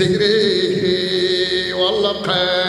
ذكره والله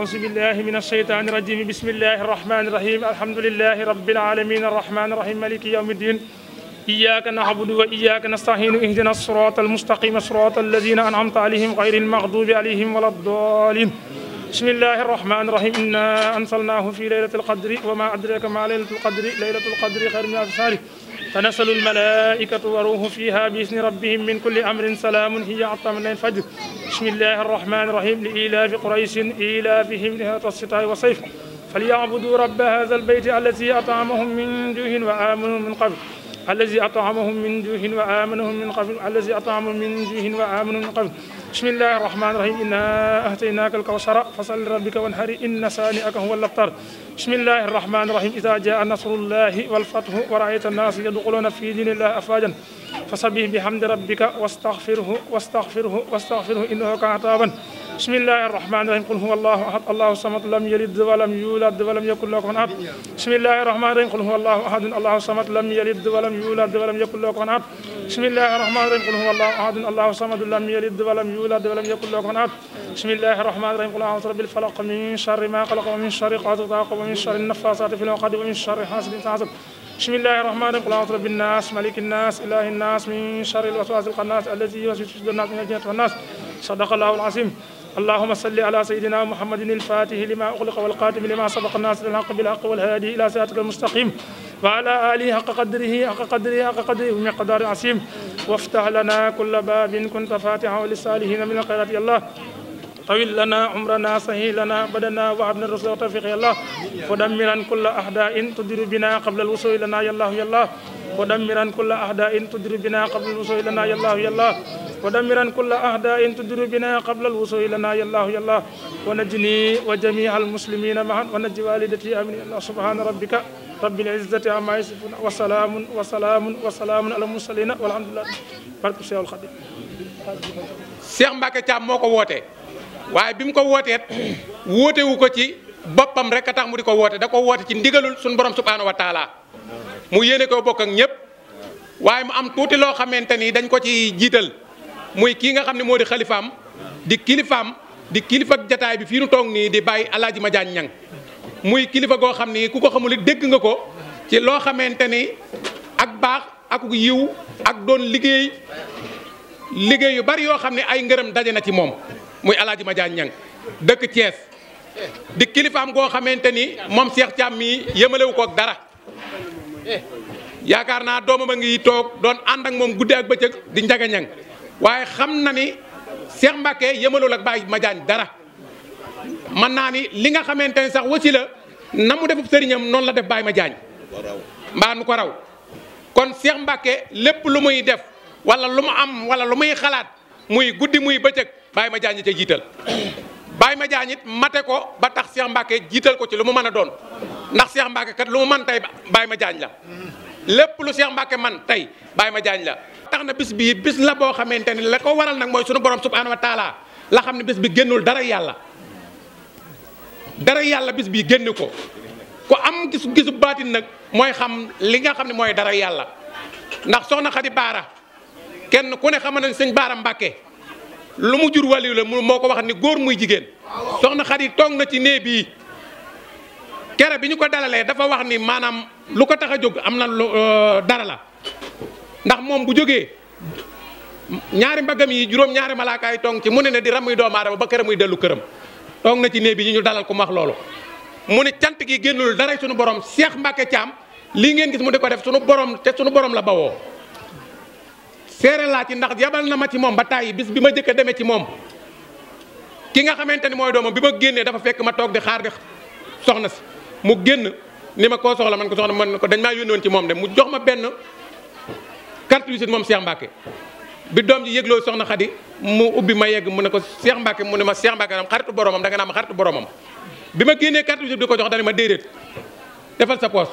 أعوذ بالله من الشيطان الرجيم بسم الله الرحمن الرحيم الحمد لله رب العالمين الرحمن الرحيم مالك يوم الدين إياك نعبد وإياك نستعين اهدنا الصراط المستقيم صراط الذين أنعمت عليهم غير المغضوب عليهم ولا الضالين بسم الله الرحمن الرحيم إنا أنزلناه في ليلة القدر وما أدراك ما ليلة القدر ليلة القدر خير من ألف تنزل الملائكة وروح فيها بإذن ربهم من كل أمر سلام هي حتى من الفجر بسم الله الرحمن الرحيم لإيلاف قريش إيلافهم نهاية الشتاء والصيف فليعبدوا رب هذا البيت الذي أطعمهم من جوع وآمنوا من قبل الذي أطعمهم من جوع وآمنهم من خوف الذي أطعمهم من جوع وآمنهم من خوف بسم الله الرحمن الرحيم إنا أهديناك الكوثر فصل لربك وانحر إن شانئك هو الأبتر بسم الله الرحمن الرحيم إذا جاء نصر الله والفتح ورأيت الناس يدخلون في دين الله أفواجا فسبح بحمد ربك واستغفره واستغفره واستغفره إنه كان توابا بسم الله الرحمن الرحيم قل هو الله احد الله الصمد لم يلد ولم يولد ولم يكن له كفوا احد بسم الله الرحمن الرحيم قل هو الله احد الله الصمد لم يلد ولم يولد ولم يكن له كفوا احد بسم الله الرحمن الرحيم قل هو الله احد الله الصمد لم يلد ولم يولد ولم يكن له كفوا احد بسم الله الرحمن الرحيم قل اعوذ برب الفلق من شر ما خلق ومن شر قاتل ومن شر النفاثات في العقد ومن شر حاسد اذا حسد بسم الله الرحمن الرحيم قل اعوذ برب الناس ملك الناس اله الناس من شر الوسواس القناص الذي يوسوس في صدور الناس من الجنه والناس صدق الله العظيم اللهم صل على سيدنا محمد الفاتح لما أغلق والقاتم لما سبق الناس الحق بالحق والهادي إلى صراطك المستقيم وعلى آله حق قدره حق قدره حق قدره بمقدار عظيم وافتح لنا كل باب كنت فاتحه للصالحين من الخيرات يا الله طويل لنا عمرنا سهيل لنا بدنا وعبنا الرسول توفيق يا الله ودمرا كل أحداء تدير بنا قبل الوصول لنا يا الله يا الله ودمرا كل أعداء تدري بنا قبل الوصول لنا يا الله يا الله ودمرا كل أعداء تدري بنا قبل الوصول لنا يا الله يا الله ونجني وجميع المسلمين معا ونجي والدتي آمين الله سبحان ربك رب العزة عما يصفون وسلام وسلام وسلام على المرسلين والحمد لله barke Seexul Xadiim Seex Mbàkke Caam moo ko wootee waaye bi mu ko wootee wootewu ko ci boppam rek a tax mu di ko woote da ko woote ci ndigalul suñu borom subhaanahu wa taala mu yéene koo bokk ak ñëpp waaye mu am tuuti loo xamante ni dañ ko ci jiital muy kii nga xam ne moo di xalifaam di kilifaam di kilifa jataay bi fii nu toog nii di bàyyi alaaji ma jaañ muy kilifa goo xam ni ku ko xamul dégg nga ko ci loo xamante ni ak baax ak yiw ak doon liggéey liggéey yu bari yoo xam ne ay ngërëm daje na ci moom muy alaaji ma jaañ ñang dëkk Thiès di kilifaam goo xamante ni moom Cheikh Thiam mii yëmalewu ko ak dara yaakaar naa doomam a ngi toog doon ànd ak moom guddee ak bëccëg di njaga ñang waaye xam na ni Cheikh Mbacké yëmalul ak ma Madiagne dara man naa ni li nga xamante ni sax wasi la na mu defub sëriñam noonu la def Baye Madiagne mbaa nu ko raw kon Cheikh Mbacké lépp lu muy def walla lu mu am wala lu muy xalaat muy guddi muy bëccëg Baye Madiagne ca jiital Baye Madiagne it mate ko ba tax Cheikh Mbacké jiital ko ci lu mu mën a doon ndax Cheikh Mbacke kat lu mu man tey ma Madiagne la lépp lu Cheikh Mbacke man tey baay ma jaañ la tax na bis bii bis la boo xamante ne la ko waral nag mooy sunu borom subhaanahu wa taala la xam ne bis bi génnul dara yàlla dara yàlla bis bi génn ko ku am gis gisu baatin nag mooy xam li nga xam ne mooy dara yàlla ndax soxna Xadi Baara kenn ku ne xam nañ sëñ Baara Mbacke lu mu jur wàllu la moo ko wax ni góor muy jigéen soxna Xadi toog na ci nee bii kere bi ñu ko dalalee dafa wax ni maanaam lu ko tax a jóg am na lu euh, dara la ndax moom bu jógee ñaari mbaggam yi juróom ñaari malaakaay tong ci mu ne ne di ramuy doomu aadama ba kër muy dellu këram toog na ci néeg bi ñu dalal ko mu wax loolu mu ne cant gi génnul dara suñu borom Cheikh Mbacke Thiam lii ngeen gis mu di ko def suñu borom te suñu borom la bawoo seere laa ci ndax yabal na ma ci moom ba tàyyi bis bi ma jëkk a demee ci moom ki nga xamante ni mooy doomam bi ma génnee dafa fekk ma toog di xaar di soxna si mu génn ni ma koo soxla man ko soxla man ko dañ maa yónnoon ci moom de mu jox ma benn carte visite moom Cheikh Mbacke bi doom ji yëgloo soxna Xadi mu ubbi ma yegg mu ne ko Cheikh Mbacke mu ne ma Cheikh Mbacke am xaritu boromam danga naa ma xaritu boromam bi ma génnee carte ko jox dana ma déedéet defal sa poos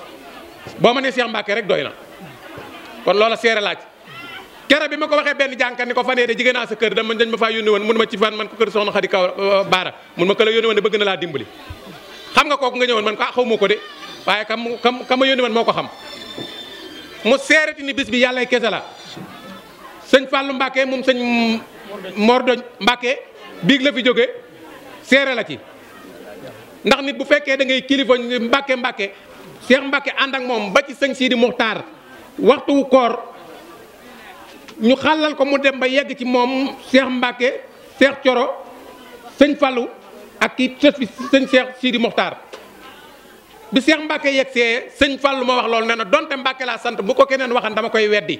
boo ma nee Cheikh Mbacke rek doy na kon loola seere laaj kere bi ma ko waxee benn jànkat ni ko fanee de jigéen naa sa kër dama dañ ma faa yónni woon mun ma ci fan man ko kër soxna Xadi kaw baara mun ma ko la yónni woon de bëgg na laa dimbali xam nga kooku nga ñëwoon man ko ah, xaw ma ko de waaye kam kam kam ma yónni man moo ko xam mu seereti ni bis bi yàlla kese la sëñ Fallou Mbacke moom sëñ Mordoñ Mbacke biig la fi jóge la ci ndax nit bu fekkee da ngay kilifa Mbacke Mbacke Cheikh Mbacke ànd ak moom ba ci sëñ Sidi Muxtaar waxtu wu koor ñu xàllal ko mu dem ba yegg ci moom Cheikh Mbacke Cheikh Coro sëñ Fallou ak ki sët bi sëñ Cheikh Sidi Mokhtar bi Cheikh Mbacke yegsee sëñ Fallou ma wax loolu nee na donte Mbacke laa sant bu ko keneen waxan dama koy weddi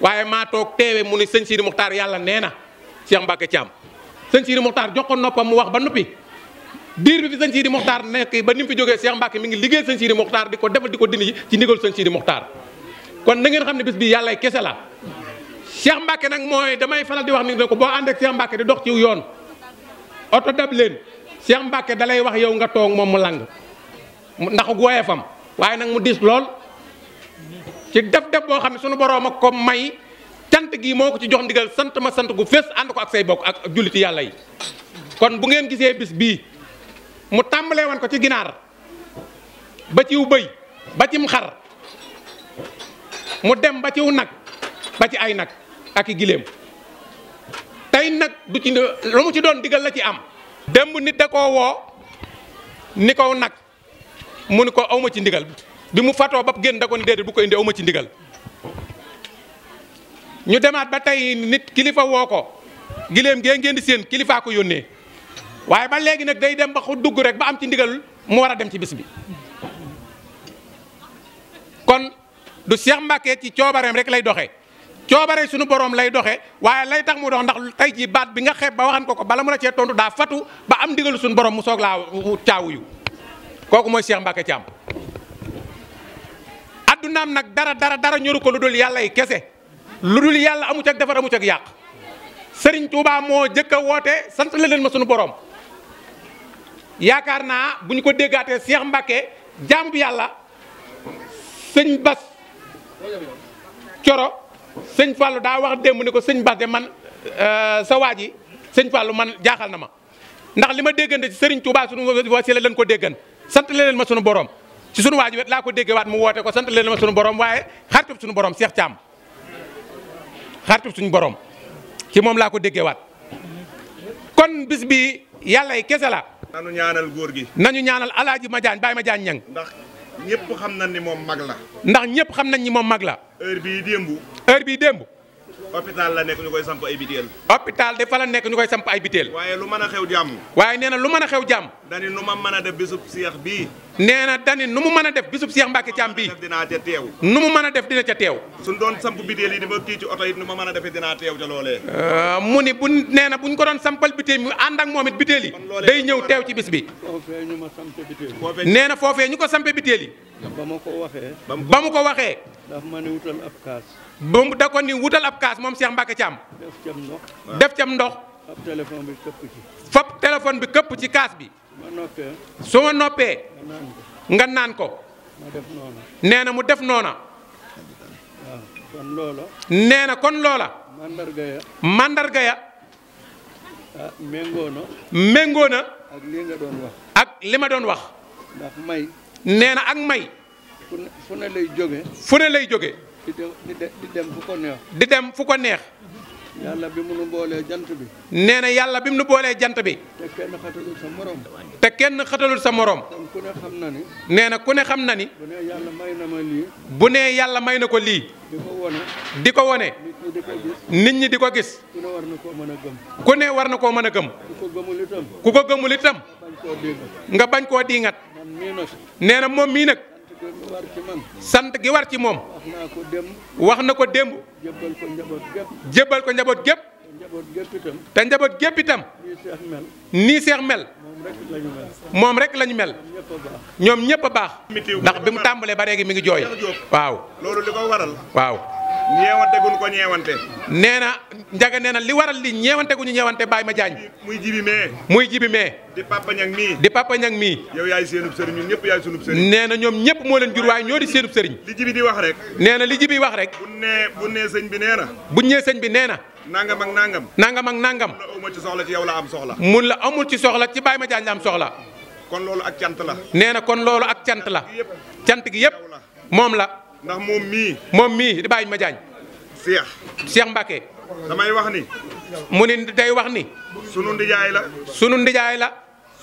waaye maa toog teewe mu ni sëñ Sidi Mokhtar yàlla nee na Cheikh Mbacke Thiam sëñ Sidi Mokhtar jox ko noppam mu wax ba noppi diir bi fi sëñ Sidi Mokhtar nekk ba ni mu fi jógee Cheikh Mbacke mi ngi liggéey sëñ Sidi Mokhtar di ko defal di ko dindi ci ndigal sëñ Sidi Mokhtar kon na ngeen xam ne bés bi yàllay kese la Cheikh Mbacke nag mooy damay faral di wax ni ko boo ànd ak dox yoon Cheikh Mbacke dalay wax yow nga toog moom mu lang ndax gooyee fam waaye nag mu dis lool ci def def boo xam ne sunu borom ak ko may cant gi moo ko ci jox ndigal sant ma sant gu fees ànd ko ak say bokk ak julliti yàlla yi kon bu ngeen gisee bis bii mu tàmbalee wan ko ci ginaar ba ciw bëy ba cim xar mu dem ba ciw nag ba ci ay nag ak i giléem tey nag du ci lu mu ci doon diggal la ci am démb nit da koo woo ni ko nag mu ni ko awma ci ndigal bi mu fatoo ba génn da ko ni déedéet bu ko indi awma ci ndigal ñu demaat ba tey nit kilifa woo ko giléem gee ngeen di seen kilifaa ko yónnee waaye ba léegi nag day dem ba xu dugg rek ba am ci ndigal mu war a dem ci bis bi kon du Cheikh Mbacke ci coobareem rek lay doxee coobare suñu borom lay doxee waaye lay tax mu dox ndax tey jii baat bi nga xeeb ba waxan ko ko bala mu la cee tontu daa fatu ba am ndigalu suñu borom mu soog laa yu kooku mooy Cheikh Mbacke Thiam. addunaam nag dara dara dara ñoru ko lu dul yàlla yi kese lu dul yàlla amu ci defar amu ci yàq Serigne Touba moo jëkk woote sant leen ma suñu borom yaakaar naa bu ñu ko déggaatee Cheikh Mbacke jaamu yàlla sëñ Bas Coro. sëñ Fallou daa wax démb ni ko sëñ Bass man euh, sa waa ji sëñ Fallou man jaaxal na ma ndax li ma déggante ci Serigne Touba sunu wasila lañ ko déggan sant leen ma sunu borom ci sunu waa wet laa ko déggewaat mu woote ko sant leen ma sunu borom waaye xaritub sunu borom Cheikh Thiam xaritub suñu borom ci moom laa ko waat kon bis bi yàlla yi kese la. nañu ñaanal góor gi. nañu ñaanal alaaji ma jaañ bàyyi ma jaañ ñang ndax ñëpp xam na ni moom mag la. ndax ñëpp xam nañ ni moom mag la. heure heure bii démb. hôpital la nekk ñu koy samp ay biteel. hôpital de fa la nekk ñu koy samp ay biteel. waaye a a xew jàmm. dani nu ma mën a def bisub seex a def bisub seex Mbàkke Caam bii. dinaa ca teew. a def dina ca teew. suñ doon samp a euh, foofee ñu ma ko sampe biteel yi. ba mu ko waxee. ba mu da ko ni wutal ab kaas moom Cheikh Mbacke Thiam. def cam ndox ndox. fab téléphone bi këpp ci. fab téléphone bi këpp ci kaas bi. su ma noppee. nga naan ko. nee na mu def noona. nee na kon loola. mandarga ya. mandarga ya. ah méngoo méngoo na. ak li doon wax. ma doon wax. ndax may. nee ak may. fu ne lay jóge. fu ne lay jóge. di dem fu ko neex. di dem fu ko neex. yàlla bi mu nu jant bi. nee na yàlla bi mu nu boolee jant bi. te kenn xatalul sa morom. te kenn xatalul sa morom. xam na ni. nee na ku ne xam na ni. bu nee yàlla may na ma lii. bu nee yàlla may na ko lii. di ko wone. di ko wone. nit ñi di ko gis. ku ne war na koo mën a gëm. ku war na koo mën a gëm. ku ko gëmul itam. nga bañ koo diingat. nee na moom mii nag. sant gi war ci moom. wax na ko démb. jébbal ko njaboot gépp. jébbal te njaboot géppitam itam. nii seex mel. moom rek lañu mel. ñoom ñëpp a baax. ndax bi mu tàmbalee ba léegi mi ngi jooy. waaw. loolu waaw. ñeewante guñ ko ñeewante. nee na njaga nee na li waral li ñeewante guñu ñeewante Baye Madiagne. muy jibi mee. muy jibi mee. di papa ñang mii. di papa ñang mii. yow yaay seenub sëriñ ñëpp yaay sunub sëriñ. na ñoom ñëpp moo leen jur waaye ñoo di seenub sëriñ. li jibi nee na li jibi wax rek. buñ nee buñ nee sëñ bi nee na. bi nee na. nangam ak nangam. nangam ak nangam. mun la amul ci soxla ci yow la am soxla. mun la amul ci soxla ci Baye Madiagne la am soxla. kon loolu ak cant la. nee na kon loolu ak cant la. cant gi yëpp moom la ndax moom mii. moom mii di bàyyi ma jaañ. Cheikh. Cheikh Mbacke. damay wax ni. mu ni day wax ni. sunu ndijaay la. sunu ndijaay la.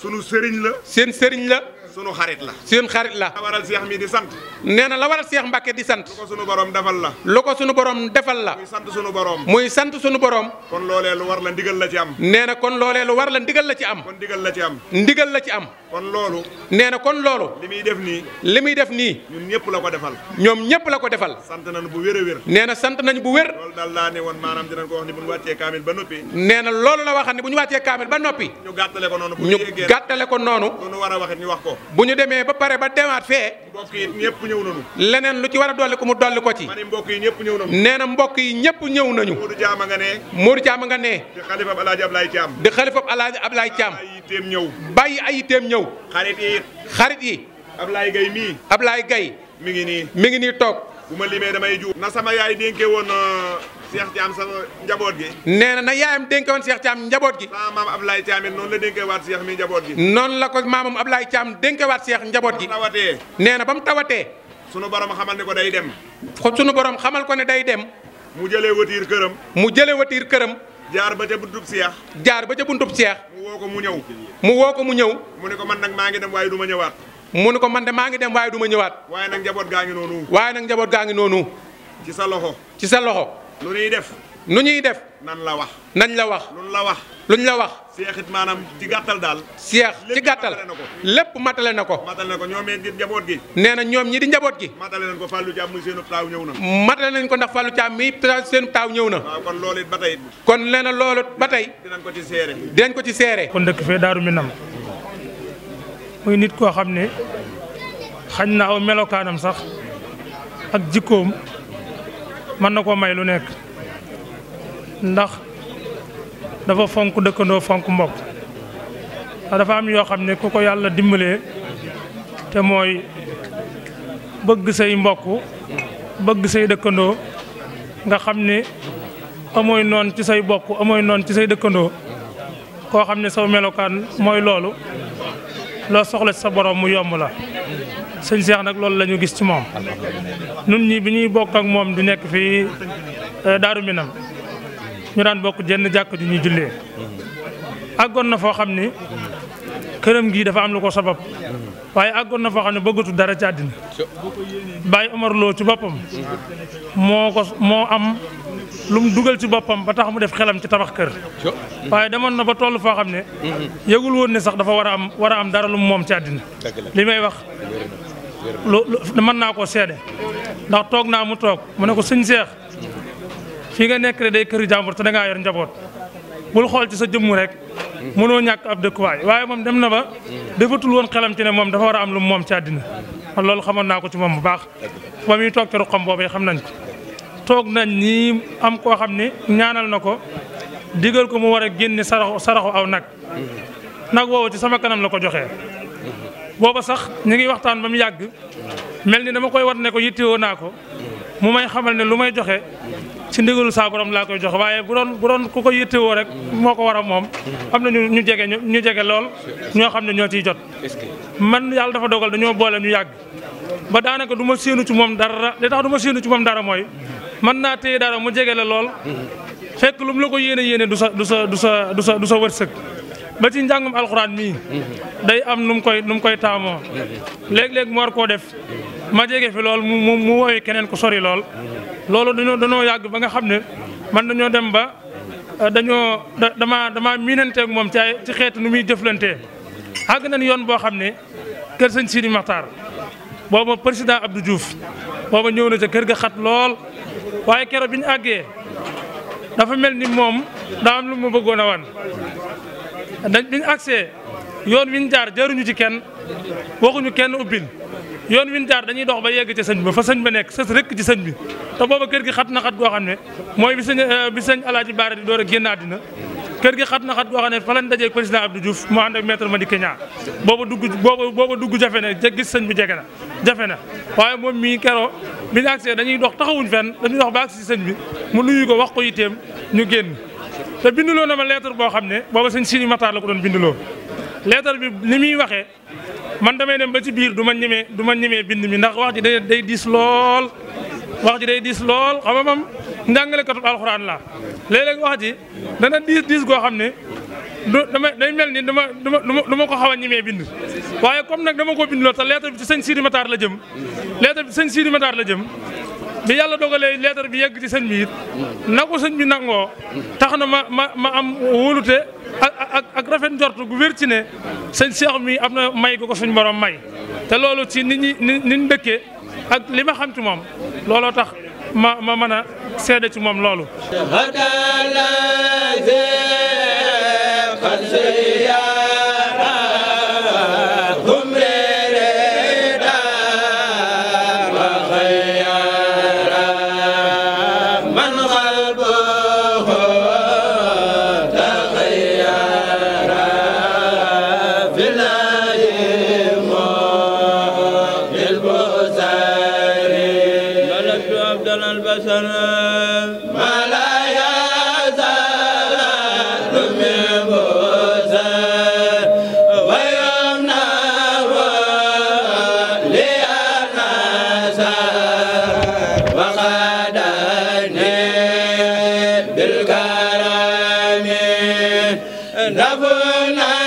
sunu sëriñ la. seen sëriñ la. sunu xarit la. sunu xarit la. la seex mi di sant. nee na la waral seex Mbàkke di sant. lu ko sunu borom defal la. lu ko sunu borom defal la. muy sant sunu borom. muy sant sunu borom. kon loolee lu war la ndigal la ci am. nee na kon loolee lu war la ndigal la ci am. kon ndigal la am. ndigal la ci am. kon loolu. nee na kon loolu. li muy def nii. li muy def nii. ñun ñëpp la ko defal. ñoom ñëpp la ko defal. sant nañu bu wér a wér. nee na sant nañu bu wér. loolu daal laa ne woon maanaam dinañ ko wax ni bu ñu wàccee kaamil ba noppi. nee na loolu la waxal ni bu noonu. bu war a wax ñu wax ko. bu ñu demee ba pare ba demaat fee. mbokk yi ñëpp ñëw nañu. leneen lu ci war a dolli ko mu dolli ko ci. ma mbokk yi ñëpp ñëw nañu. nee na mbokk yi ñëpp ñëw nañu. Modou Diama nga ne. Modou Diama nga ne. di xalifab El Hadj Ablaye Thiam. di xalifab El Hadj Ablaye Thiam. bàyyi ay itam ñëw. bàyyi ay itam ñëw. xarit yi. xarit yi. Ablaye Gaye mii. Ablaye Gaye. mi ngi nii mi ngi nii toog. bu ma limee damay juum. na sama yaay dénkee woon euh, Cheikh Thiam sama njaboot gi. nee na na yaayam dénkoon Cheikh Thiam njaboot gi. sama maam Ablaye Thiam it noonu la dénkewaat Cheikh mi njaboot gi. noonu la ko maamam Ablaye Thiam dénkewaat Cheikh njaboot gi. tawatee nee na ba mu tawatee. sunu borom xamal ne ko day dem. xo sunu borom xamal ko ne day dem. mu jëlee watiir këram. mu jëlee watiir këram. jaar ba ca buntub jaar ba ca buntub Cheikh. woo ko mu ñëw. mu woo ko mu ñëw. mu ne ko man nag maa ngi dem waaye du ma ñëwaat. mu ne ko man de maa ngi dem waaye du ma ñëwaat. waaye gaa ngi noonu. waaye nag njaboot gaa ngi noonu. ci sa loxo. ci sa loxo. lu ñuy def. nu ñuy def. nan la wax. nañ la wax. luñ la wax. luñ la wax. seexit maanaam ci gàttal daal. seex ci gàttal lépp matale na ko. matale na ko ñoom ñi di njaboot gi. nee na ñoom ñi di njaboot gi. matale nañ ko Fallou Thiam muy seenu taaw ñëw na. matale nañ ko ndax Fallou Thiam mi seenu taaw ñëw na. waaw kon loolu it ba tey. kon nee na loolu ba tey. dinañ ko ci seere. dinañ ko ci seere. kon dëkk fee Daaru Minam muy nit koo xam ne xañ na aw melokaanam sax ak jikkoom. mën na koo may lu nekk ndax dafa fonk dëkkandoo fonk mbokk ndax dafa am yoo xam ne ku ko yàlla dimbalee te mooy bëgg say mbokk bëgg say dëkkandoo nga xam ni amooy noon ci say bokk amooy noon ci say dëkkandoo koo xam ne saw melokaan mooy loolu loo soxla sa boroom mu yomb la sëñ Cheikh nag loolu lañu gis ci moom nun ñi bi ñuy bokk ak moom di nekk fii eh, Daaru Minam ñu daan bokk jenn jàkk di ñuy jullee àggoon na foo xam ni këram gii dafa am lu ko sabab waaye àggoon na foo xam ne bëggatu dara ci àddina Baye Omar Lo ci boppam moo ko moo am lu mu dugal ci boppam ba tax mu def xelam ci tabax kër waaye demoon na ba toll foo xam ne yëgul woon ne sax dafa war a am war a am dara lu moom ci àddina lii may wax lu mën naa koo seede ndax toog naa mu toog mu ne ko sëñ Seex fii nga nekk day kër jàmbur te da ngaa yor njaboot bul xool ci sa jëmm rek mënoo ñàkk ab dëkkuwaay waaye moom dem na ba defatul woon xelam ci ne moom dafa war a am lu moom ci àddina man loolu xamoon naa ko ci moom bu baax ba muy toog ci ruqam boobu xam nañ ko toog nañ nii am koo xam ne ñaanal na ko digal ko mu war a génne saraxu saraxu aw nag nag woowu ci sama la ko joxee booba sax ñu ngi waxtaan ba mu yàgg mel ni dama koy war ne ko yittewoo naa ko mu may xamal ne lu may joxe si ndigalu saa borom laa koy joxe waaye bu doon bu doon ku ko yittewoo rek moo ko war a moom am na ñu ñu jege ñu jege lool ñoo xam ne ñoo ciy jot man yàlla dafa dogal dañoo boole ñu yàgg ba daanaka duma ma séenu ci moom dara li tax duma ma séenu ci moom dara mooy mën naa téye dara mu jege la lool fekk lu mu la ko yéene yéene du sa du sa du sa du sa du sa wërsëg ba ci njàngum alxuraan mii day am nu mu koy nu mu koy taamoo léeg-léeg mu war koo def ma jege fi lool mu mu keneen ku sori lool loolu dañoo dañoo yàgg ba nga xam ne man dañoo dem ba euh, dañoo da damaa damaa miinanteeg moom ci ay ci xeetu nu muy jëflantee àgg nañ yoon boo xam ne kër sañ Sidi Maxtaar booba président Abdou Diouf booba ñëw na ca kër ga xat lool waaye kero bi ñu àggee dafa mel ni moom daa lu ma bëggoon wan dañ bi ñu agsee yoon wi jaar jaruñu ci kenn waxuñu kenn ubbil yoon win jaar dañuy dox ba yegg ca sëñ ba fa sëñ ba nekk sës rëkk ci sëñ bi te booba kër gi xat na xat goo xam ne mooy bi sëñ euh, bi sëñ Alaaji Baara di door a génn àddina kër gi xat na xat goo xam ne fa lañ dajee président Abdou Diouf mu ànd ak maître Madické Niang booba dugg booba booba dugg jafe na gis sëñ bi jege na jafe na waaye moom mii keroo bi ñu agsee dañuy dox taxawuñ fenn dañuy dox ba agsi si sëñ bi mu nuyu ko wax ko yitteem ñu génn te binduloo na ma lettre boo xam ne booba sëñ Sidi Matar la ko doon binduloo lettre bi li muy waxee man damay dem ba ci biir du ma ñemee du ma ñemee bind mi ndax wax ji day day diis lool wax ji day diis lool xam nga moom njàngalekatu alxuraan la léeg-léeg wax ji dana diis diis goo xam ne du dama day mel ni dama dama dama ko xaw a bind. waaye comme nag dama ko bind lool te lettre bi ci sëñ Sidi Matar la jëm lettre bi ci sëñ Sidi Matar la jëm. bi yàlla dogalee lettre bi yegg ci sëñ bi it na ko sëñ bi nangoo tax na ma ma am wóolute. ak ak ak rafet njort gu wér ci ne sëñ Cheikh mi am na may gu ko suñ borom may te loolu ci nit ñi ni ñu dëkkee ak lima ma xam ci moom looloo tax ma ma mën a seede ci moom loolu. la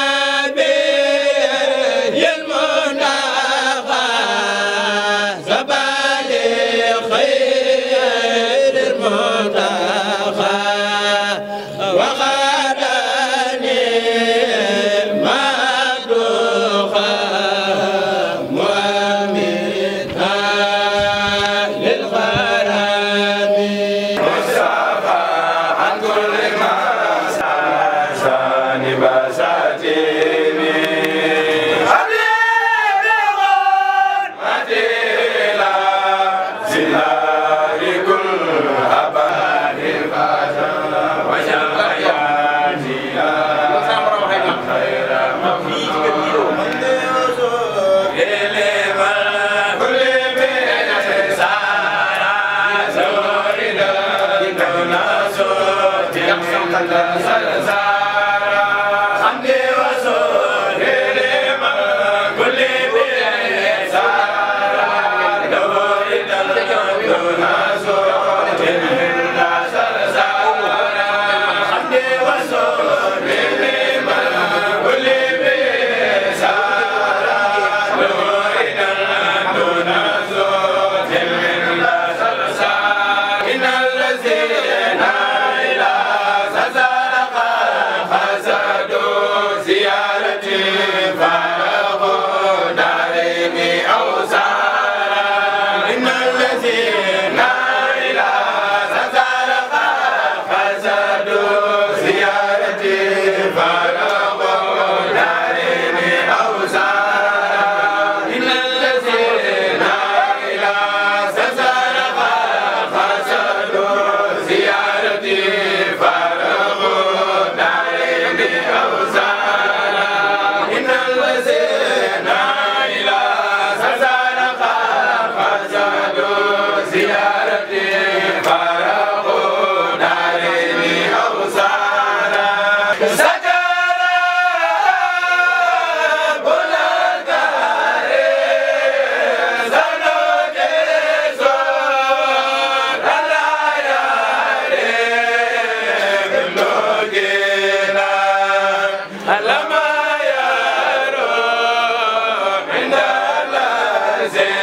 Zé